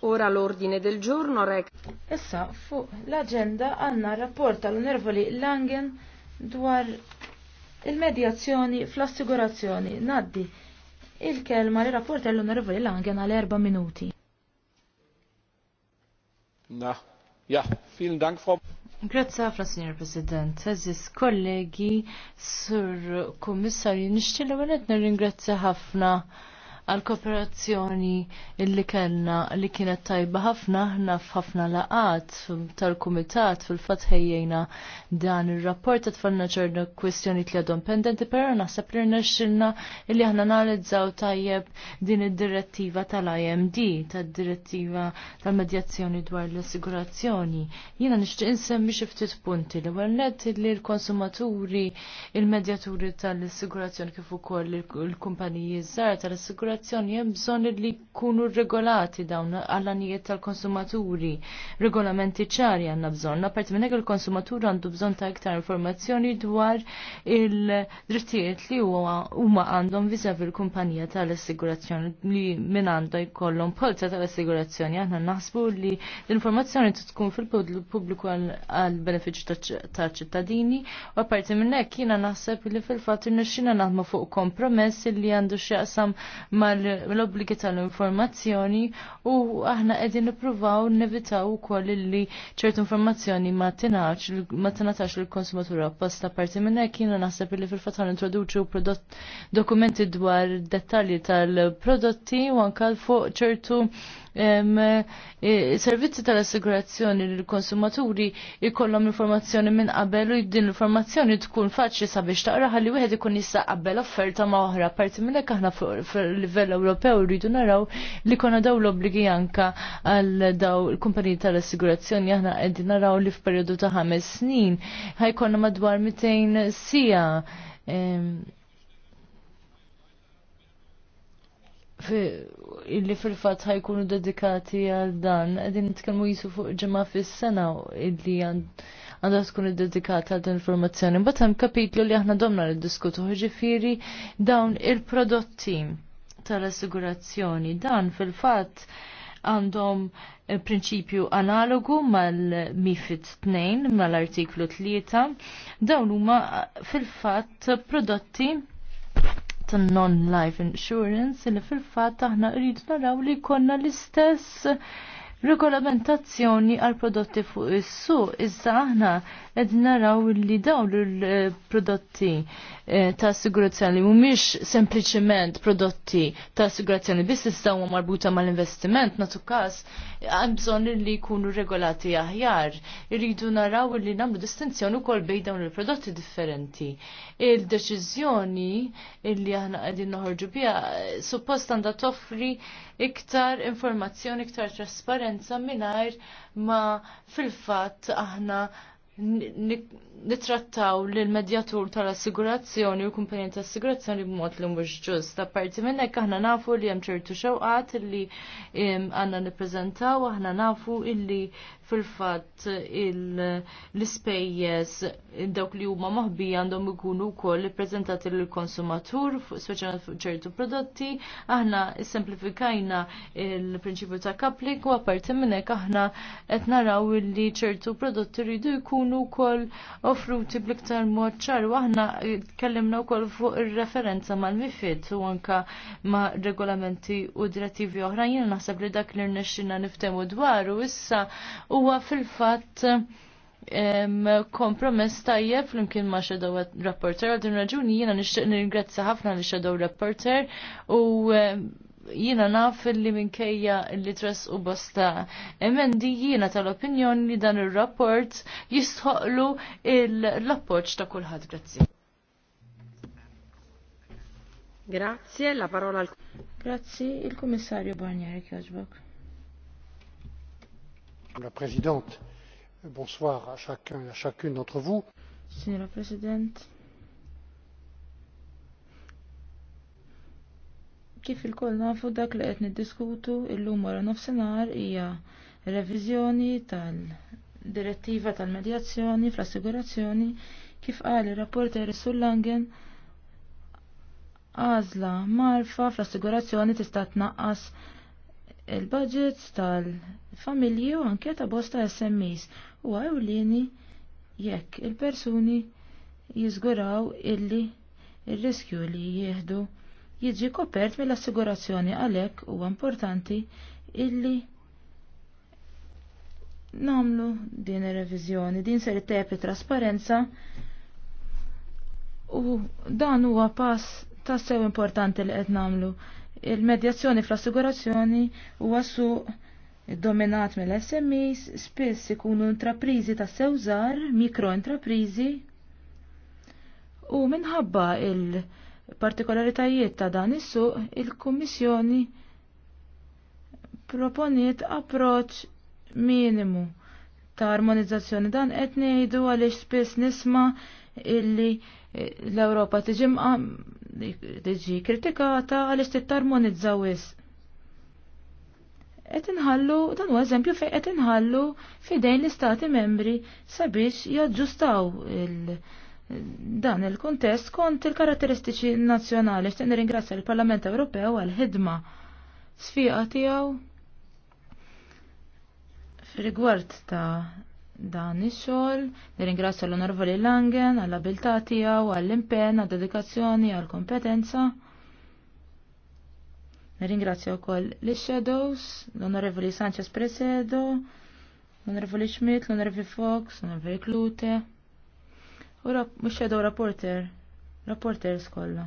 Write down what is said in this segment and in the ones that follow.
Ora l-ordine del giorno rek. Issa fuq l-agenda għanna rapport tal-onervoli Langen dwar il-medjazzjoni fl-assigurazzjoni. Naddi il-kelma li rapport tal-onervoli Langen għal erba minuti. Na, ja, vielen Dank, Frau. Grazie ħafna, Signor President. Eżis kollegi, Sur Kommissarju, nixtieq l-għanet nirringrazzja ħafna għal-kooperazzjoni illi kellna li kienet tajba ħafna ħna f'ħafna laqat tal-kumitat fil-fatt ħejjejna dan ir-rapport tfalna ċerna kwestjoni li għadhom pendenti, però naħseb li rnexxilna illi aħna analizzaw tajjeb din id-direttiva tal-IMD, tad-direttiva tal-medjazzjoni dwar l-assigurazzjoni. Jiena nixtieq insemmi xi ftit punti li għallet li l-konsumaturi, il-medjaturi tal-assigurazzjoni kif ukoll il-kumpaniji żgħar tal-assigurazzjoni assikurazzjoni hemm bżonn li jkunu regolati dawn għall-anijiet tal-konsumaturi. Regolamenti ċari għandna bżonn. Apparti minn hekk il-konsumatur għandu bżonn ta' iktar informazzjoni dwar il-drittijiet li huma għandhom viżavi l-kumpanija tal-assigurazzjoni li minn għandha jkollhom polza tal-assigurazzjoni. Aħna naħsbu li l-informazzjoni tkun fil-pubbliku għal-benefiċċju tal-ċittadini u apparti minn hekk jiena naħseb li fil-fatt irnexxina naħdmu fuq kompromess li għandu x'jaqsam mal-obbligi tal-informazzjoni u aħna qegħdin nippruvaw nevitaw ukoll li ċertu informazzjoni ma tingħatax ma l lill-konsumatura apposta parti minn hekk jiena naħseb li fil fatħan introduċu dokumenti dwar dettalji tal-prodotti u anke fuq ċertu E, servizzi tal-assigurazzjoni li l-konsumaturi jkollhom informazzjoni minn qabel u din l-informazzjoni tkun faċli sabiex taqra ħalli wieħed ikun jista' qabel offerta ma' oħra. Parti minn hekk aħna fil-livell Ewropew rridu naraw li konna daw l-obbligi anka għal daw l-kumpaniji tal-assigurazzjoni aħna qegħdin naraw li f'perjodu ta' ħames snin ħajkonna madwar 200 sija. illi fil-fat ħajkunu dedikati għal dan. Għedin nitkellmu jisu fuq ġemma fis-sena illi għandha tkun dedikata għal dan informazzjoni. Mbagħad hemm kapitlu li aħna domna niddiskutu ġifieri dawn il-prodotti tal-assigurazzjoni. Dan fil-fatt għandhom eh, prinċipju analogu mal-MIFID 2, mal-artiklu 3, dawn huma eh, fil-fatt prodotti non-life insurance li fil-fatt aħna rridu naraw li konna l-istess regolamentazzjoni għal prodotti fuq is-suq issa aħna qed naraw li dawn il-prodotti eh, ta' assigurazzjoni mhumiex sempliċement prodotti ta' assigurazzjoni biss iżda huma marbuta mal-investiment natu każ hemm bżonn li jkunu regolati aħjar. Irridu naraw li nagħmlu distinzjoni wkoll bejn dawn il-prodotti differenti. Il-deċiżjoni li aħna qegħdin noħorġu biha eh, suppost għandha toffri iktar informazzjoni, iktar trasparenza mingħajr ma fil-fatt aħna nitrattaw li l-medjatur tal-assigurazzjoni u kumpanija tal-assigurazzjoni b'mod li mhux ġust. Apparti minn hekk aħna nafu li hemm ċertu xewqat li għandna nippreżentaw, aħna nafu illi fil-fatt l-ispejjeż dawk li huma moħbi għandhom ikunu wkoll ippreżentati lill konsumatur speċjalment fuq ċertu prodotti, aħna ssemplifikajna il-prinċipju ta' kaplik u apparti minn hekk aħna qed naraw li ċertu prodotti rridu jkunu wkoll offruti bliktar mod ċar aħna tkellimna wkoll fuq ir-referenza mal-mifid u anka ma' regolamenti u direttivi oħra jiena naħseb li dak li rnexxina niftemu dwar u issa huwa fil-fatt kompromess tajjeb flimkien ma' Shadow Rapporter għal din raġuni jiena nixtieq nirgrazza ħafna li xedow Rapporter u jina naf li minkejja li tres u bosta emendi jina tal-opinjoni li dan il-rapport jistħoqlu l-appoċ ta' kulħadd. Grazzi. Grazie, la parola al... Grazie, il commissario Barnieri Kajbok. La Presidente, bonsoir a chacun e a chacune d'entre vous. Signora Presidente, Kif il-koll nafu dak li qed niddiskutu illum wara nofsinhar hija reviżjoni tal-direttiva tal-medjazzjoni fl-assigurazzjoni kif qal ir-rapporter Sullangen għażla marfa fl-assigurazzjoni tista' tnaqqas il-budgets tal-familji u anke ta' bosta SMS u għawlini jekk il-persuni jizguraw illi il-riskju li jieħdu jiġi kopert mill-assigurazzjoni għalhekk huwa importanti illi namlu din ir din ser ittepi trasparenza u dan huwa pass tassew importanti li qed namlu. Il-medjazzjoni fl-assigurazzjoni huwa suq dominat mill-SMEs spiss ikunu intraprizi ta' sewżar, mikrointraprizi u minħabba il- partikolaritajiet ta' dan is-suq, il-Kummissjoni proponiet approċ minimu ta' armonizzazzjoni dan qed ngħidu għaliex spiss nisma' illi eh, l-Ewropa tiġi tiġi kritikata għaliex tittarmonizza wis. Qed inħallu dan huwa eżempju fejn qed inħallu fidejn l-istati membri sabiex jaġġustaw il- dan il-kuntest kont il-karatteristiċi nazzjonali xtieq nirringrazzja l-Parlament Ewropew għal ħidma sfiqa tiegħu rigward ta' dan il-xol. nirringrazzja l onorvoli Langen għall abilta tiegħu, għall-impenn, għall dedikazzjoni għall-kompetenza. Nirringrazzja wkoll l-Shadows, l onorvoli Sanchez Presedo, l-Onorevoli Schmidt, l-Onorevoli Fox, l-Onorevoli Klute u mux xedaw rapporter, rapporters skolla.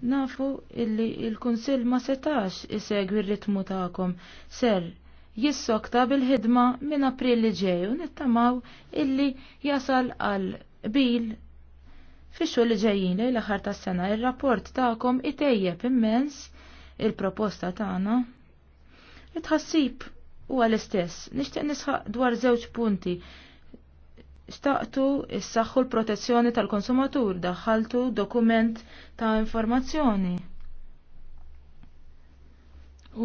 Nafu illi il-Kunsil ma setax isegwi r-ritmu ta'kom, ser jissokta bil-ħidma minn april li ġej u nittamaw illi jasal għal bil fixxu li ġejjin li l-aħħar tas-sena ir-rapport ta'kom itejjeb immens il-proposta tagħna. Itħassib huwa l-istess, nixtieq nisħaq dwar żewġ punti Staqtu issaħħu l-protezzjoni tal-konsumatur daħħaltu dokument ta' informazzjoni.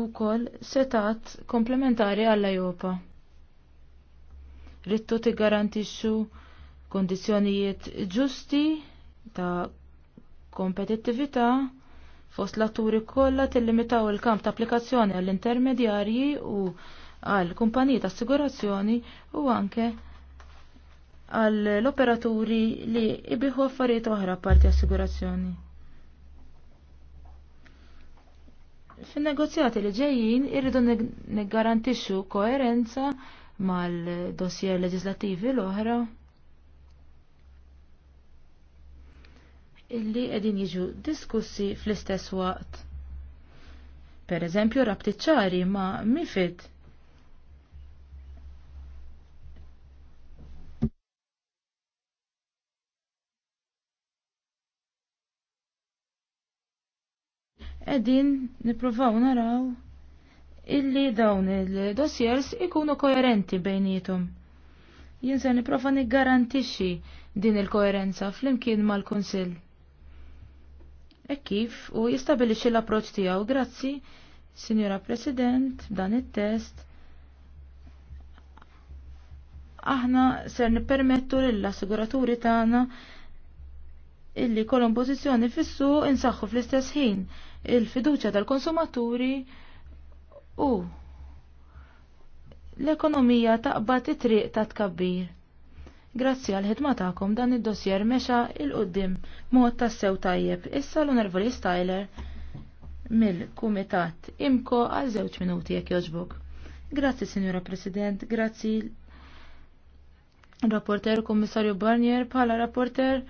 U kol setat komplementari għall jopa Rittu ti garantixxu kondizjonijiet ġusti ta' kompetittività fost l-atturi kollha tillimitaw il-kamp ta' applikazzjoni għall-intermedjarji u għall kumpaniji ta' assigurazzjoni u anke għall-operaturi li ibiħu affarijiet oħra parti assigurazzjoni. Fin-negozjati li ġejjin irridu niggarantixxu koerenza mal-dossier leġislattivi l-oħra illi qegħdin jiġu diskussi fl-istess waqt. Per eżempju, rabtiċċari ma' mifid Edin niprofaw naraw illi dawn il-dossiers ikunu koerenti bejnietum. Jien se niprofa niggarantixxi din il-koerenza flimkien mal-Kunsill. E kif u jistabilixxi l-approċċ tiegħu grazzi, Signora President, dan it-test aħna ser nippermettu lill-assiguraturi tagħna illi kolom pozizjoni fissu insaxħu fl-istess ħin il-fiduċa tal-konsumaturi u l-ekonomija taqbad it-triq ta' tkabbir. Grazzi għal ħidma tagħkom dan id-dossier meċa il-qoddim mod tas-sew tajjeb. Issa l-Onorevoli Styler mill-Kumitat imko għal żewġ minuti jekk jogħġbok. Grazzi, Sinjora President, grazzi rapporter Kummissarju Barnier bħala rapporter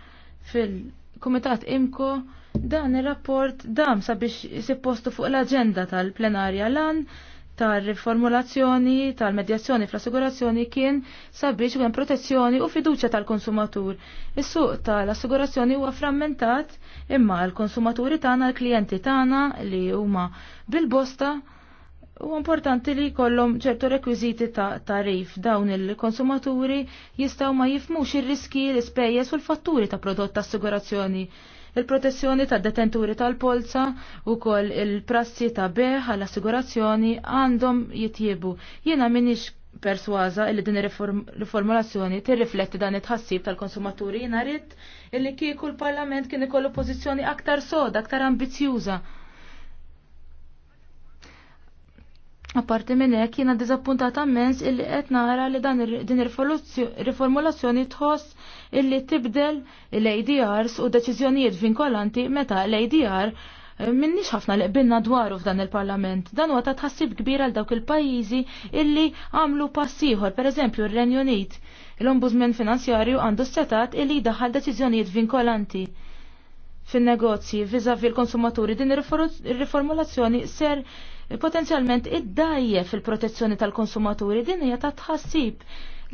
fil-Kumitat Imko dan ir-rapport dam sabiex isib postu fuq l-aġenda tal-plenarja lan tal-riformulazzjoni, tal-medjazzjoni fl-assigurazzjoni kien sabiex għen protezzjoni u fiduċja tal-konsumatur. Is-suq tal-assigurazzjoni huwa frammentat imma l-konsumaturi tagħna, l-klijenti tagħna li huma bil-bosta U importanti li kollom ċertu rekwiziti ta' tarif dawn il-konsumaturi jistaw ma jifmux ir-riski, l-ispejjeż u l-fatturi ta' prodott ta' assigurazzjoni. Il-protezzjoni ta' detenturi tal-polza u koll il-prassi ta' beħ għall-assigurazzjoni għandhom jitjibu. Jena minix perswaza li din riformulazzjoni tirrifletti dan it-ħassib tal-konsumaturi jena rrit illi kieku l-parlament kien ikollu pozizjoni aktar soda, aktar ambizjuża Apparti minn hekk jiena diżappuntata mens illi qed nara li dan din riformulazzjoni tħoss illi tibdel l-ADRs u deċiżjonijiet vinkolanti meta l-ADR eh, minnix ħafna li qbilna dwaru f'dan il-Parlament. Dan huwa ta' tħassib kbir għal dawk il-pajjiżi illi għamlu passiħor, pereżempju r-Renju Unit. L-Ombudsman Finanzjarju għandu setat illi daħal deċiżjonijiet vinkolanti fin-negozji viżavi l-konsumaturi din ir-riformulazzjoni ser potenzjalment id-dajje fil-protezzjoni tal-konsumaturi din hija ta' tħassib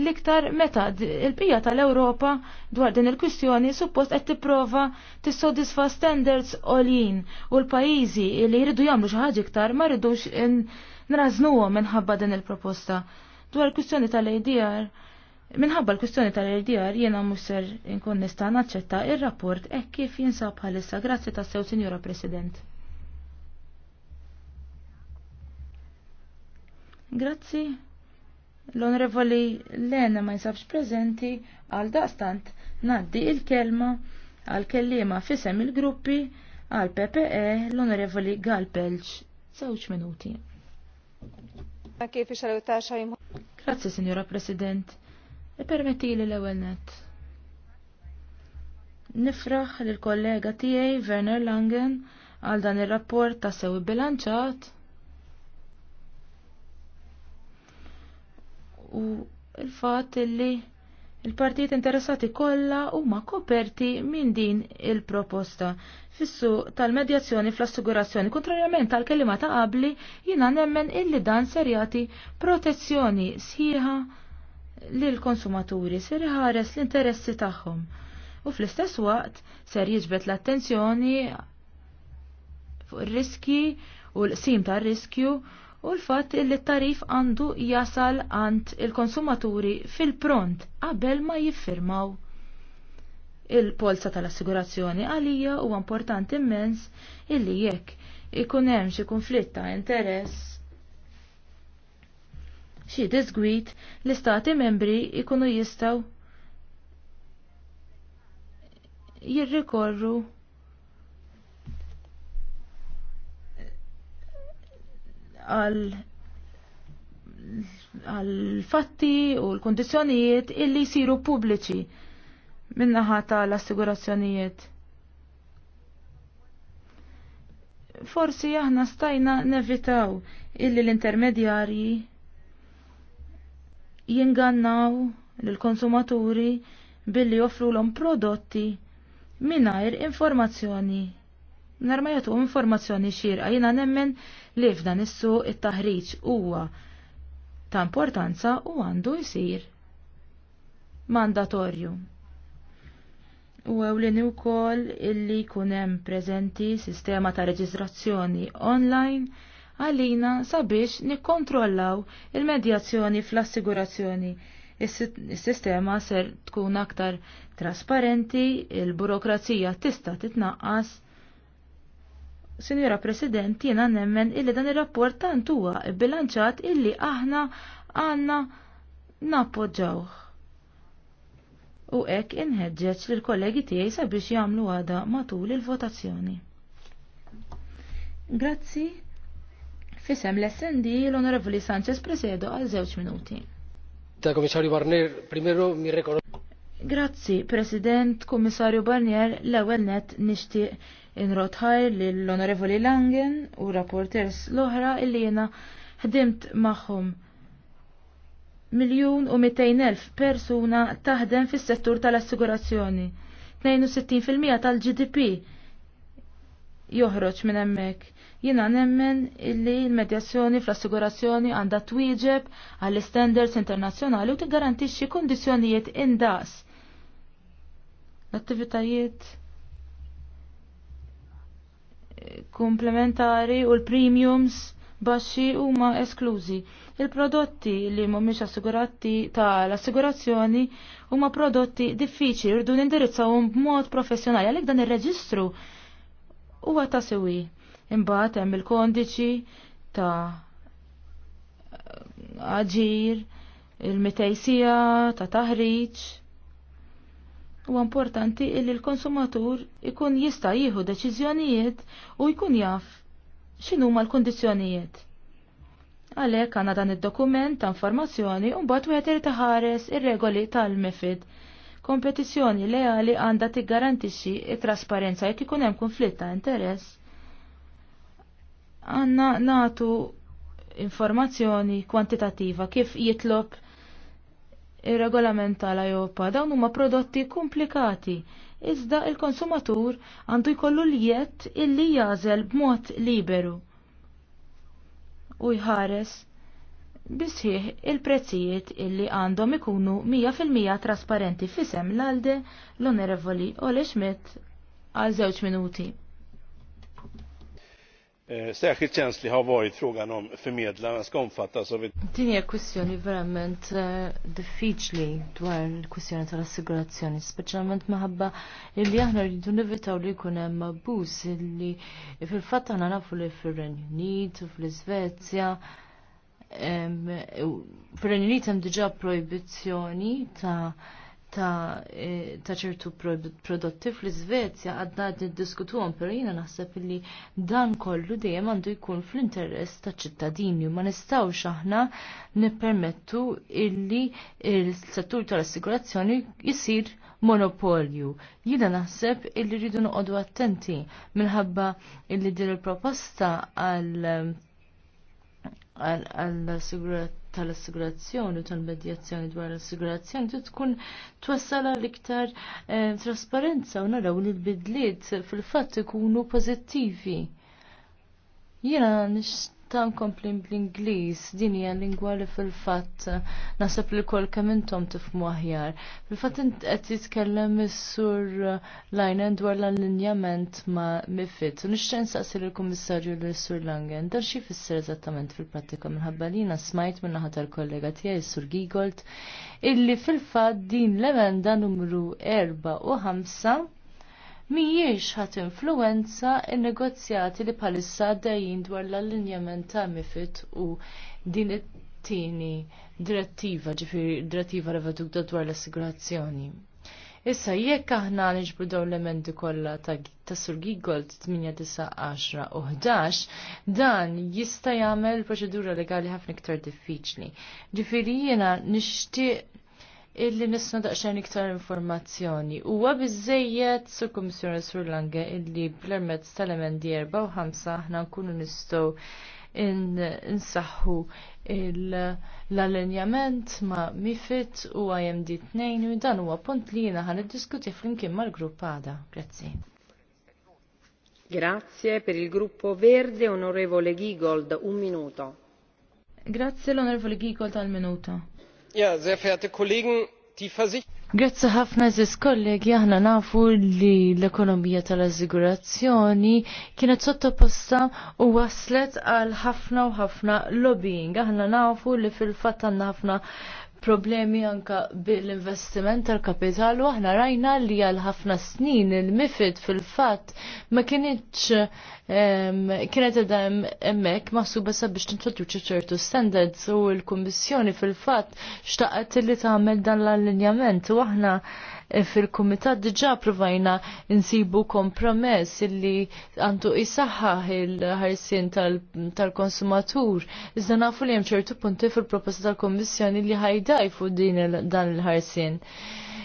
l-iktar meta il-bija tal-Ewropa dwar din il-kwistjoni suppost qed tipprova tissodisfa standards olin u l-pajjiżi li jridu jagħmlu xi ħaġa iktar ma rridux nraznuhom minħabba din il-proposta. Dwar il-kwistjoni tal-ADR, minħabba l-kwistjoni tal-ADR jiena mhux ser inkun nista' naċċetta ir-rapport hekk kif jinsab bħalissa. Grazzi tassew, Sinjura President. Grazzi. L-Onorevoli Lena ma jisabx prezenti għal daqstant naddi il-kelma għal kellima fisem il-gruppi għal PPE l-Onorevoli Gal Pelċ. Zewċ minuti. Grazzi, Signora President. E permetti li l ewelnet Nifraħ l-kollega tijaj Werner Langen għal dan il-rapport ta' sewi bilanċat u il-fat li il-partijiet interessati kollha huma koperti minn din il-proposta fissu tal-medjazzjoni fl-assigurazzjoni. Kontrarjament tal-kelima ta' qabli jiena nemmen illi dan serjati protezzjoni sħiħa lil konsumaturi ser ħares l-interessi tagħhom. U fl-istess waqt ser jiġbet l-attenzjoni fuq ir-riski u l-qsim tar-riskju u l-fatt li t-tarif għandu jasal għand il-konsumaturi fil-pront qabel ma jiffirmaw. Il-polza tal-assigurazzjoni għalija huwa importanti immens illi jekk ikun hemm xi konflitt ta' interess xi disgwit l-istati membri ikunu jistaw jirrikorru għal fatti u l-kondizjonijiet illi jisiru pubbliċi minnaħa tal-assigurazzjonijiet. Forsi aħna stajna nevitaw illi l-intermedjarji jingannaw l-konsumaturi billi joffru l-om prodotti minajr informazzjoni Narma jatu informazzjoni xierqa jiena nemmen li f'dan is-suq it-taħriġ huwa ta' importanza u għandu jsir mandatorju. U ewlin ukoll illi jkun hemm preżenti sistema ta' reġistrazzjoni online għalina sabiex nikkontrollaw il-medjazzjoni fl-assigurazzjoni. Is-sistema ser tkun aktar trasparenti, il-burokrazija tista' titnaqqas Sinjora President, jiena nemmen illi dan ir-rapport tant huwa bilanċat illi aħna għandna nappoġġaw. U hekk inħeġġeġ lill kollegi tiegħi sabiex jagħmlu għada matul il-votazzjoni. Grazzi. Fisem l snd l-Onorevoli Sanchez presedo għal żewġ minuti. Ta' Komissarju Barnier, primero mi rekonosco. Grazzi, President, Komissarju Barnier, l-ewwel net nixtieq inrotħaj l-Onorevoli Langen u rapporters l-oħra illi jena ħdimt maħħum miljun u elf persuna taħdem fis settur tal-assigurazzjoni. 62% tal-GDP joħroġ minn hemmhekk. Jiena nemmen illi l-medjazzjoni fl-assigurazzjoni għandha twieġeb għall-standards internazzjonali u tiggarantixxi kundizzjonijiet indaqs l-attivitajiet komplementari u l-premiums baxxi huma esklużi. Il-prodotti li mhumiex assigurati tal-assigurazzjoni huma prodotti diffiċli irdu nindirizzawhom b'mod professjonali għalhekk dan ir-reġistru huwa ta' sewi. Imbagħad hemm il-kondiċi ta' aġir, il-mitejsija ta' taħriġ U importanti illi l-konsumatur ikun jista' jieħu deċiżjonijiet u jkun jaf x'inhu ma l kundizzjonijiet Għalhekk għandna dan id-dokument ta' informazzjoni u mbagħad wieħed irid iħares ir-regoli tal-MIFID. Kompetizzjoni leali għandha tiggarantixxi t-trasparenza jekk ikun hemm konflitt ta' interess. Għandna natu informazzjoni kwantitattiva kif jitlob ir-regolament tal-Ajopa dawn huma prodotti komplikati iżda il-konsumatur għandu jkollu l illi jażel b'mod liberu. U jħares bisħiħ il-prezzijiet illi għandhom ikunu 100% trasparenti fisem l-alde l-onorevoli Ole Schmidt għal żewġ minuti. Eh, särskilt känslig har varit frågan om förmedlarna ska omfattas av ett... Eh, det är en kwestjoni verament diffiċli dwar il-kwestjoni tal-assigurazzjoni, speċjalment maħabba illi aħna rridu nivitaw li jkun hemm abbuż illi fil-fatt aħna nafu li fir-Renju Unit u fl-Iżvezja eh, fir-Renju Unit hemm diġà projbizzjoni ta' ta', e, ta ċertu prodotti fl-Svezja għadna niddiskutuhom, pero jiena naħseb li dan kollu dejjem għandu jkun fl-interess ta' ċittadini u ma nistgħux aħna nippermettu illi il-settur tal-assigurazzjoni jisir monopolju. Jiena naħseb illi rridu noqogħdu attenti minħabba illi din il-proposta għal għal-assigurat tal-assigurazzjoni u tal-medjazzjoni dwar l-assigurazzjoni tkun twassala l-iktar eh, trasparenza u naraw li l-bidliet fil-fatt ikunu pozittivi. Jena nix ta' nkompli bl-Ingliż, din hija lingwa li fil-fatt nasab li kol kemm intom tifhmu aħjar. Fil-fatt qed jitkellem is-sur Lajnen dwar l-allinjament ma' Mifid. Nixtieq nsaqsi lill-Kummissarju l sur Langen dan xi jfisser eżattament fil-prattika minħabba li jiena smajt minn naħa tal-kollega tiegħi sur Gigolt illi fil-fatt din l-emenda numru 4 u 5 Mijiex ħadd influenza n-negozjati li bħalissa għaddejjin dwar l-allinjament ta' MIFID u din it-tieni direttiva ġifieri direttiva revedukta dwar l-assigurazzjoni. Issa jekk aħna niġbru dawn l-elementi kollha ta' Sur Gold 8 u 11, dan jista' jagħmel proċedura legali ħafna iktar diffiċli. Ġifieri jiena nixtieq illi nisna daqxan iktar informazzjoni. Huwa għabizzejiet sur Komissjoni Sur Lange illi bl ermet tal-emendi 4 u 5 aħna nkunu nistgħu insaħħu l-allenjament ma mifit u IMD 2 u dan huwa punt li jiena ħan iddiskuti flimkien mal-grupp għada. Grazzi. Grazie per il gruppo Verde, onorevole Gigold, un minuto. Grazie l'onorevole Gigold al minuto. Grazzi ħafna ziz kollegi aħna nafu li l-ekonomija tal-assigurazzjoni kienet sottoposta u waslet għal ħafna u ħafna lobbying. Aħna nafu li fil-fatt għandna ħafna problemi anka bil-investiment tal-kapital u aħna rajna li għal ħafna snin il-mifid fil-fat ma kienieċ kienet edha emmek maħsuba sabiex tintroduċi ċertu standards u l-Kummissjoni fil-fat xtaqet li tagħmel dan l-allinjament u aħna fil-komitat diġa provajna insibu kompromess illi għandu jisaxħaħ il-ħarsin tal-konsumatur. Iżda nafu li hemm ċertu punti fil-proposta tal-Kommissjoni li ħajdi Tajfu din dan il-ħarsin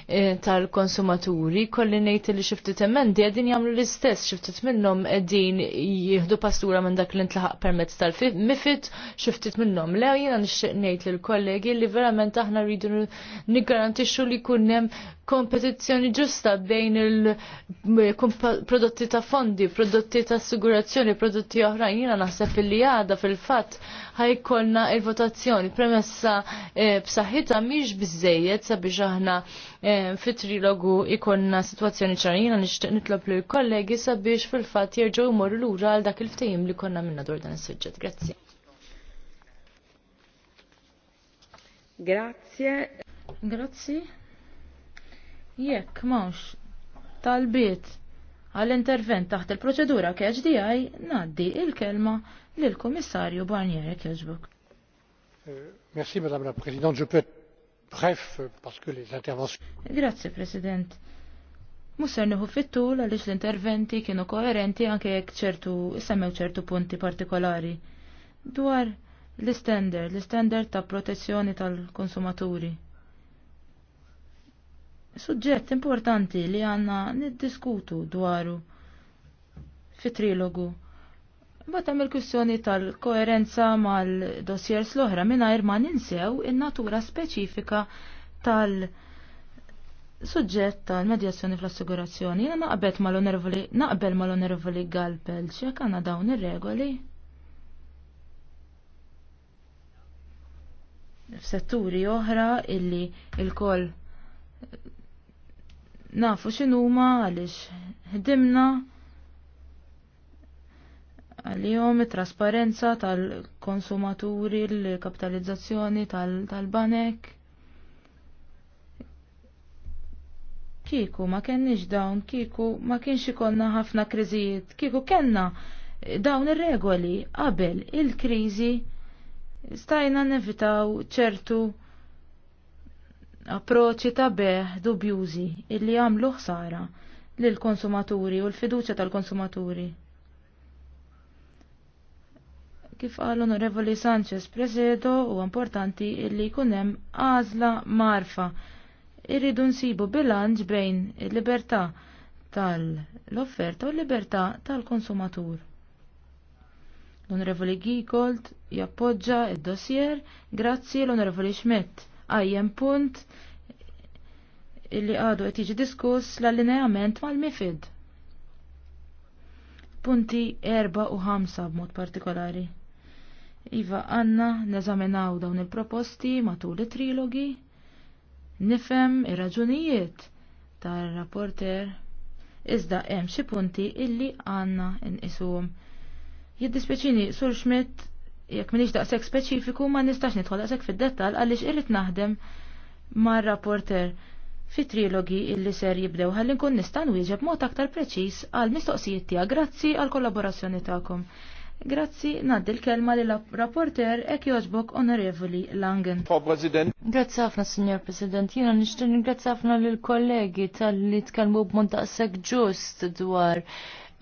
eh, tal-konsumaturi, kolli nejt li xifti temmen, di għedin jamlu l-istess, xifti minnom għedin jihdu pastura minn dak l-intlaħaq permezz tal-mifit, xifti minnom. Le jina nixtieq nejt l-kollegi li verament aħna rridu nigarantixxu li kunnem kompetizzjoni ġusta bejn il-prodotti ta' fondi, prodotti ta' assigurazzjoni, prodotti oħrajn. Jina naħseb li għada fil-fat ħajkolna il-votazzjoni. Premessa eh, b'saħħitha mhix biżejjed sabiex aħna eh, fit-trilogu ikonna situazzjoni ċarina nixtieq nitlob lil kollegi sabiex fil-fatt jerġgħu jmorru lura għal dak il-ftehim li konna minna dwar dan is-suġġett. Grazzi. Grazie. Grazzi. Jekk m'hawnx talbiet għall-intervent taħt il-proċedura KHDI ngħaddi il-kelma l kummissarju Barnier jekk euh, Merci Madame la Présidente, je peux être bref euh, parce que les interventions Grazie President. Musser neħu fit-tul għaliex l-interventi kienu koerenti anke jekk ċertu semmew ċertu punti partikolari dwar l-istender, l-istender ta' protezzjoni tal-konsumaturi. Suġġett importanti li għanna niddiskutu dwaru fit trilogu Bat għamil kussjoni tal-koerenza mal-dossiers l-oħra minnajr ma ninsew in-natura speċifika tal- Suġġett tal-medjazzjoni fl-assigurazzjoni, jena naqbet mal-onervoli, naqbel mal-onervoli galpel, ċek għanna dawn ir-regoli. F'setturi oħra illi il-koll nafu x'inhuma għaliex ħdimna għalihom it-trasparenza tal-konsumaturi, l-kapitalizzazzjoni tal-banek. kiku ma kenniex dawn, kiku ma kienx ikonna ħafna kriżijiet, kiku kenna dawn ir-regoli qabel il-kriżi stajna nevitaw ċertu approċċi ta' beħ dubjużi illi għamlu ħsara lill konsumaturi u l-fiduċja tal-konsumaturi. Kif għal onorevoli Sanchez Presedo u importanti illi kunem għażla marfa. Irridu nsibu bilanċ bejn il-libertà tal-offerta u l-libertà tal-konsumatur. L-Onorevoli Giegold jappoġġa id-dossier grazzi l-Onorevoli Schmidt. Għajjem punt illi għadu qed jiġi diskuss l-allineament mal-mifid. Punti 4 u 5 b'mod partikolari. Iva għanna neżaminaw dawn il-proposti matul it-trilogi, nifem ir-raġunijiet tar-rapporter iżda hemm xi punti illi għandna nqisuhom. Jiddispeċini, Sur Schmidt jekk m'iniex daqshekk speċifiku ma nistax nidħol daqshekk fid-dettall għaliex irrit naħdem mar-rapporter fi trilogi illi ser jibdew ħalli nkun nista' nwieġeb mod aktar preċiż għal mistoqsijiet tiegħek. Grazzi għall kollaborazzjoni tagħkom. Grazzi, naddi l-kelma li rapporter ek joġbok onorevoli Langen. Grazzi ħafna, Signor President. Jena nishtu grazzi ħafna l-kollegi tal-li tkellmu b daqseg ġust dwar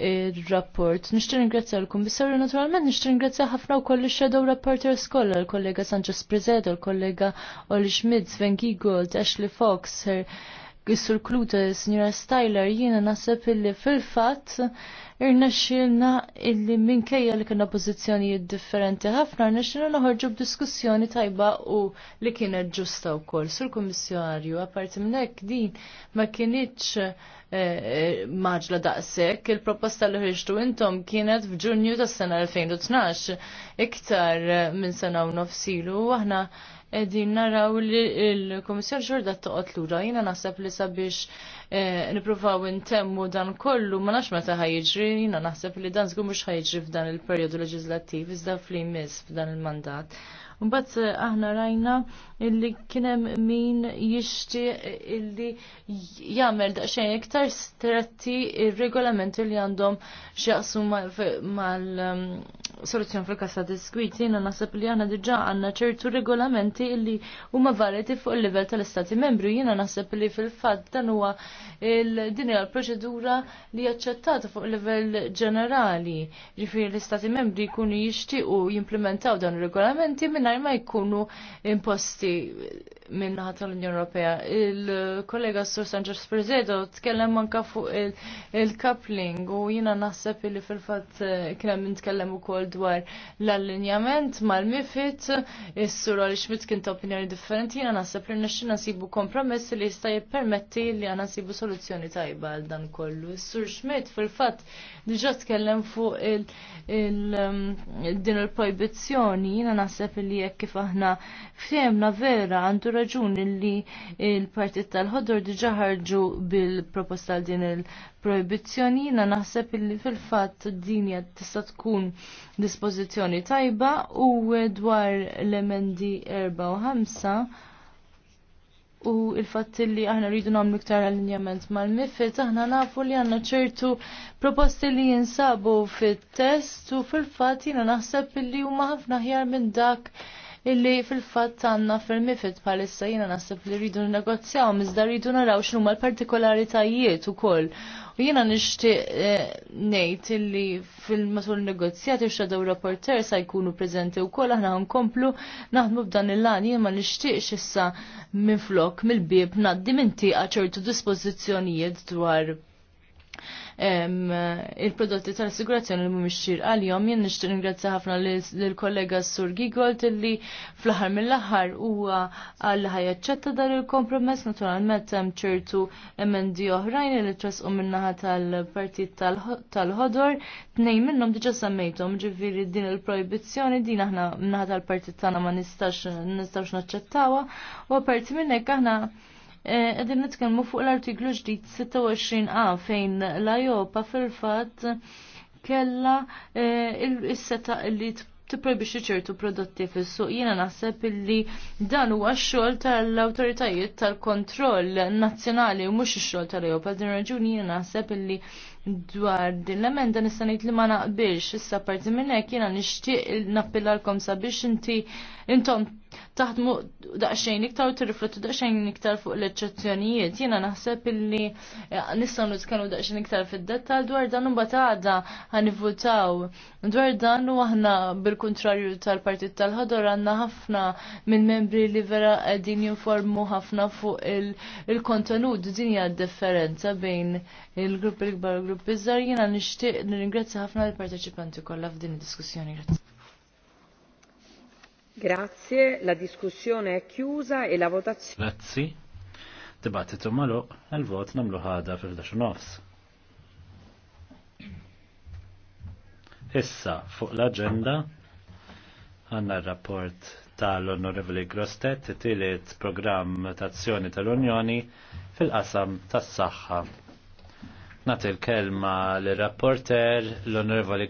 il-rapport. Nishtu ringrazzja l-Kummissarju, naturalment nishtu ringrazzja ħafna u kolli shadow rapporter skolla, l-kollega Sanchez Prezedo, l-kollega Oli Schmidt, Sven Giegold, Ashley Fox, her Gissur Klute, Signora Styler, jiena nasib illi fil-fat irna xilna illi minkejja li kena pozizjonijiet differenti ħafna, irna xilna noħorġu b'diskussjoni tajba u li kienet ġusta u kol. Sur komissjonarju apparti minnek din ma kienieċ eh, eh, maġla daqsek, il-proposta li ħriġtu intom kienet f'ġunju tas sena 2012, iktar minn sena u nofsilu, aħna Eddin naraw li il-Komissar ġorda toqgħod lura jiena naħseb li sabiex eh, nipruvaw intemmu dan kollu ma nafx meta ħajġri jiena naħseb li dan zgumux mhux ħajġri f'dan il-perjodu leġislattiv iżda fl-imiss f'dan il-mandat. Mbatt eh, aħna rajna illi kien hemm min jishti illi jagħmel daqsxejn iktar stretti il regolamenti li għandhom x'jaqsu mal soluzzjoni fil kassa diskwit, jina nasib li għana diġa għanna ċertu regolamenti illi huma varjeti fuq il-livell tal-Istati membri, jina nasib li fil-fat dan huwa din hija l-proċedura li jaċċettata fuq il-livell ġenerali. Ġifieri l-Istati membri jkunu jixtiequ jimplementaw dan il regolamenti mingħajr ma jkunu imposti minn ħadd tal-Unjoni Ewropea. Il-kollega Sur Sanchez Prezedo tkellem anka fuq il-coupling u jina naħseb li fil-fatt eh, kien hemm u ukoll ukoll dwar l-allinjament mal-mifit, is-sur għal xmit kien ta' opinjoni differenti, jiena naħseb li nixxi nasibu kompromess li jista' jippermetti li għana nasibu soluzzjoni tajba għal dan kollu. Is-sur Schmidt fil-fatt diġà tkellem fuq il-din um, il-projbizzjoni, jiena naħseb li jekk kif aħna fjemna vera għandu raġun li il-partit tal-ħodor diġà ħarġu bil-proposta din il- proibizzjoni na naħseb illi fil-fatt dinja tista' tkun dispożizzjoni tajba u dwar l-emendi 4 u 5 u il-fatt li aħna rridu nagħmlu iktar allinjament mal-mifid aħna nafu li għandna ċertu proposti li jinsabu fit-test u fil-fatt jiena naħseb illi huma ħafna ħjar minn dak illi fil-fatt għandna fil-mifid bħalissa jiena naħseb li rridu n-negozzjaw, iżda rridu naraw x'huma l-partikolaritajiet ukoll. U jiena nixtieq eh, ngħid illi fil-matul negozjati x'għadew rapporter sa jkunu preżenti wkoll aħna nkomplu naħdmu b'dan il-lan jina ma nixtieqx issa minflok mill bib naddi minn ċertu dispożizzjonijiet dwar il-prodotti tal-assigurazzjoni li mhumiex xir jom Jien nixtieq ningrazzja ħafna lill-kollega Sur Gigolt illi fl-aħħar mill-aħħar huwa għal ħajaċċetta dan il-kompromess naturalment hemm ċertu emendi oħrajn li trasqu minnaħa tal-partit tal-ħodor. Tnejn minnhom diġà semmejthom ġifieri din il-projbizzjoni din aħna minnaħa tal-partit tagħna ma nistax nistax naċċettawha u apparti minn hekk aħna Għedin nitkellmu fuq l-artiklu ġdid 26a fejn l-Ajopa fil-fat kella eh, il-seta li tipprobixxi ċertu prodotti fis-suq. Jiena naħseb illi dan huwa x-xogħol tal-awtoritajiet tal-kontroll nazzjonali u mhux ix-xogħol tal-Ewropa. Din raġuni jiena naħseb illi dwar din l-emenda nista' ngħid li ma naqbilx, issa parti minn hekk jiena nixtieq nappillalkom sabiex inti intom taħdmu daqsxejn iktar u tirriflettu daqsxejn iktar fuq l-eċċezzjonijiet. Jiena naħseb illi eh, nistgħu nitkellmu daqsxejn iktar fid-dettall dwar dan u għadha ħanivvutaw. Dwar dan u aħna bil-kuntrarju tal-Partit tal-Ħodor għandna ħafna minn membri li vera qegħdin jinformu ħafna fuq il-kontenut din hija differenza bejn il-grupp il-kbar grupp bizzar jena nishtiq nirringrazzja ħafna l-parteċipanti kollha f'din id-diskussjoni. Grazie, la diskussjoni è chiusa e la votazione. Grazzi. Dibattitu malu, il-vot namlu ħada fil-11 nofs. Issa, fuq l-agenda, għanna rapport tal-Onorevoli Grostet, t-tilet program tazzjoni tal-Unjoni fil-qasam tas-saħħa. Nat il-kelma l-rapporter l-onorevoli